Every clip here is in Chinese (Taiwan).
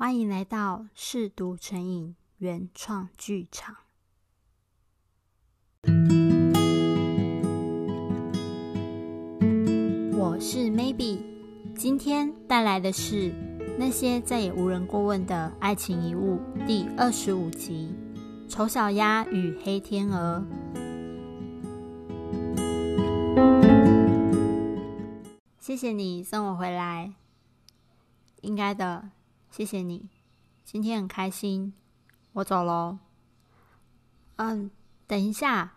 歡迎來到《嗜讀沉影》原創劇場，我是 Maybe，今天帶來的是《那些再也無人過問的愛情遺物》第二十五集《醜小鴨與黑天鵝》。謝謝你送我回來。應該的。謝謝你，今天很開心。我走咯。嗯，等一下。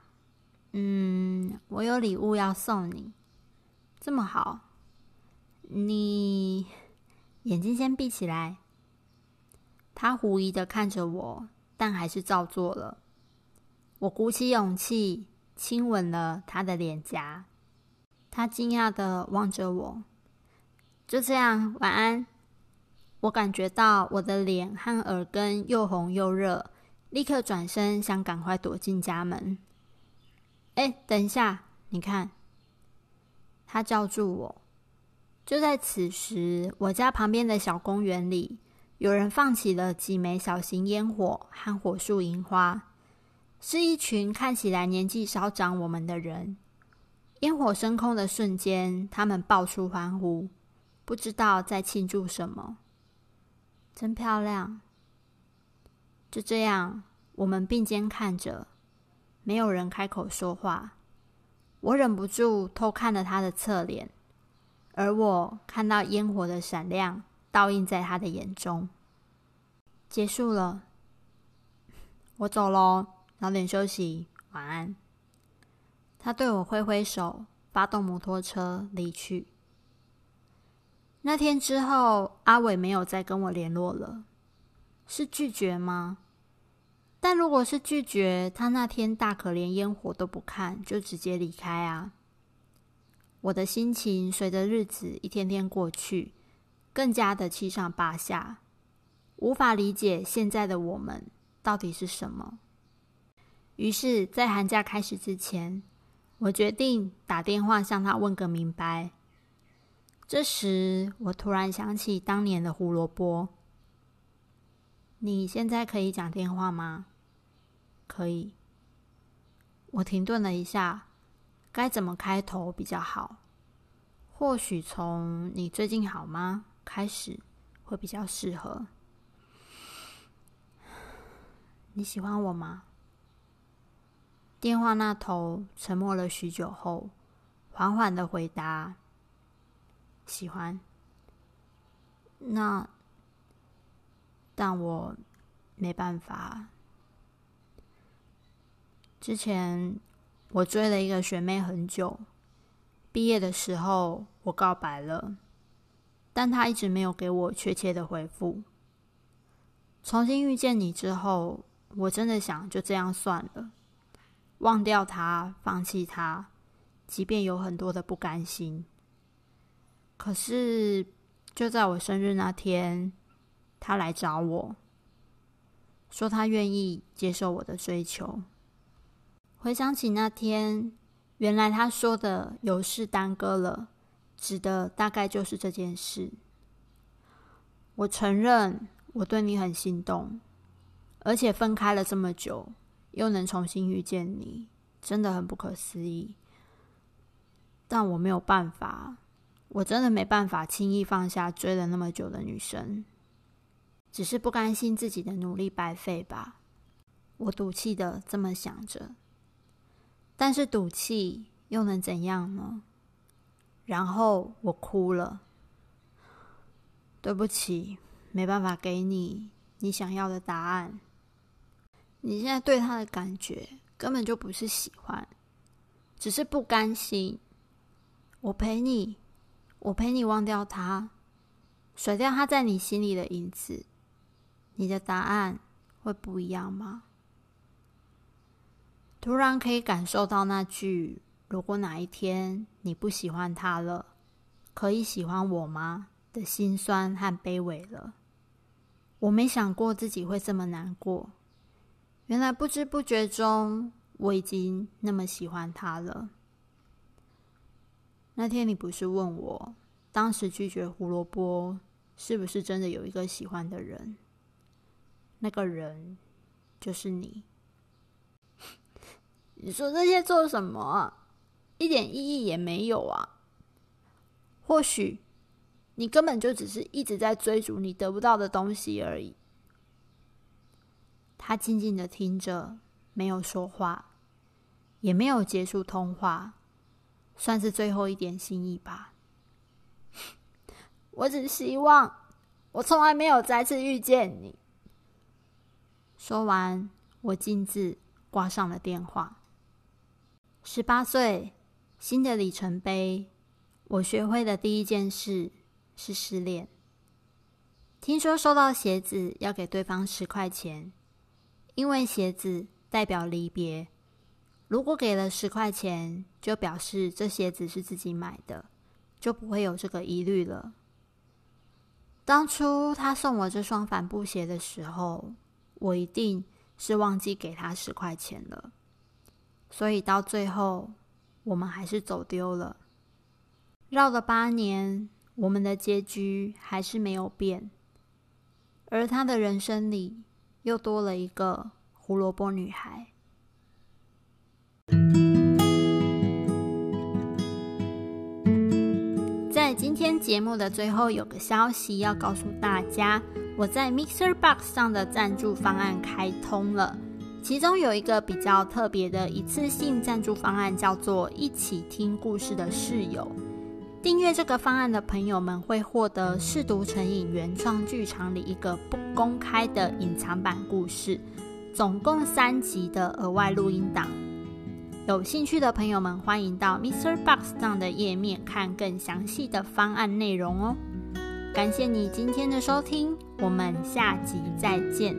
嗯，我有禮物要送你。這麼好？你眼睛先閉起來。他狐疑的看着我，但還是照做了。我鼓起勇氣親吻了他的臉頰。他驚訝的望着我。就這樣，晚安。我感覺到我的臉和耳根又紅又熱，立刻轉身想趕快躲進家門。哎、欸，等一下，你看，他叫住我。就在此時，我家旁邊的小公園裡有人放起了幾枚小型煙火和火樹銀花，是一群看起來年紀稍長我們的人。煙火升空的瞬間，他們爆出歡呼，不知道在慶祝什麼。真漂亮。就這樣，我們並肩看着，沒有人開口說話。我忍不住偷看了他的側臉，而我看到烟火的閃亮倒映在他的眼中。結束了。我走嘍，早點休息，晚安。他對我揮揮手，發動摩托車離去。那天之後，阿偉沒有再跟我聯絡了，是拒絕嗎？但如果是拒絕，他那天大可連煙火都不看，就直接離開啊！我的心情隨着日子一天天過去，更加的七上八下，無法理解現在的我們到底是什麼。於是，在寒假開始之前，我決定打電話向他問個明白。這時，我突然想起當年的胡蘿蔔。你現在可以講電話嗎？可以。我停頓了一下，該怎麼開頭比較好？或許從“你最近好嗎”開始會比較適合。你喜歡我嗎？電話那頭沉默了許久後，緩緩的回答。喜歡，那但我沒辦法。之前我追了一個學妹很久，畢業的時候我告白了，但她一直沒有給我確切的回復。重新遇見你之後，我真的想就這樣算了，忘掉她，放棄她，即便有很多的不甘心。可是，就在我生日那天，他來找我，說他願意接受我的追求。回想起那天，原來他說的“有事耽擱了”，指的大概就是這件事。我承認我對你很心動，而且分開了這麼久，又能重新遇見你，真的很不可思議。但我沒有辦法。我真的沒辦法輕易放下追了那麼久的女生，只是不甘心自己的努力白費吧。我賭氣的這麼想着，但是賭氣又能怎樣呢？然後我哭了。對不起，沒辦法給你你想要的答案。你現在對他的感覺根本就不是喜歡，只是不甘心。我陪你。我陪你忘掉他，甩掉他在你心裡的影子，你的答案會不一樣嗎？突然可以感受到那句“如果哪一天你不喜歡他了，可以喜歡我嗎”的心酸和卑微了。我沒想過自己會這麼難過，原來不知不覺中，我已經那麼喜歡他了。那天你不是問我，當時拒絕胡蘿蔔是不是真的有一個喜歡的人？那個人就是你。 你說這些做什麼？一點意義也沒有啊。或許你根本就只是一直在追逐你得不到的東西而已。他靜靜地聽着，沒有說話，也沒有結束通話。算是最後一點心意吧。 我只希望我從來沒有再次遇見你。說完，我徑自掛上了電話。十八歲，新的里程碑，我學會的第一件事是失戀。聽說收到鞋子要給對方十塊錢，因為鞋子代表離別。如果給了十塊錢，就表示這鞋子是自己買的，就不會有這個疑慮了。當初他送我這雙帆布鞋的時候，我一定是忘記給他十塊錢了，所以到最後我們還是走丟了。繞了八年，我們的結局還是沒有變，而他的人生裡又多了一個胡蘿蔔女孩。今天節目的最後有個消息要告訴大家，我在 Mixer Box 上的贊助方案開通了，其中有一個比較特別的一次性贊助方案，叫做“一起聽故事的嗜友”。訂閱這個方案的朋友們會獲得嗜讀沉影原創劇場裡一個不公開的隱藏版故事，總共三集的額外錄音檔。有興趣的朋友們，歡迎到 MixerBox 上的頁面看更詳細的方案內容哦。感謝你今天的收聽，我們下集再見。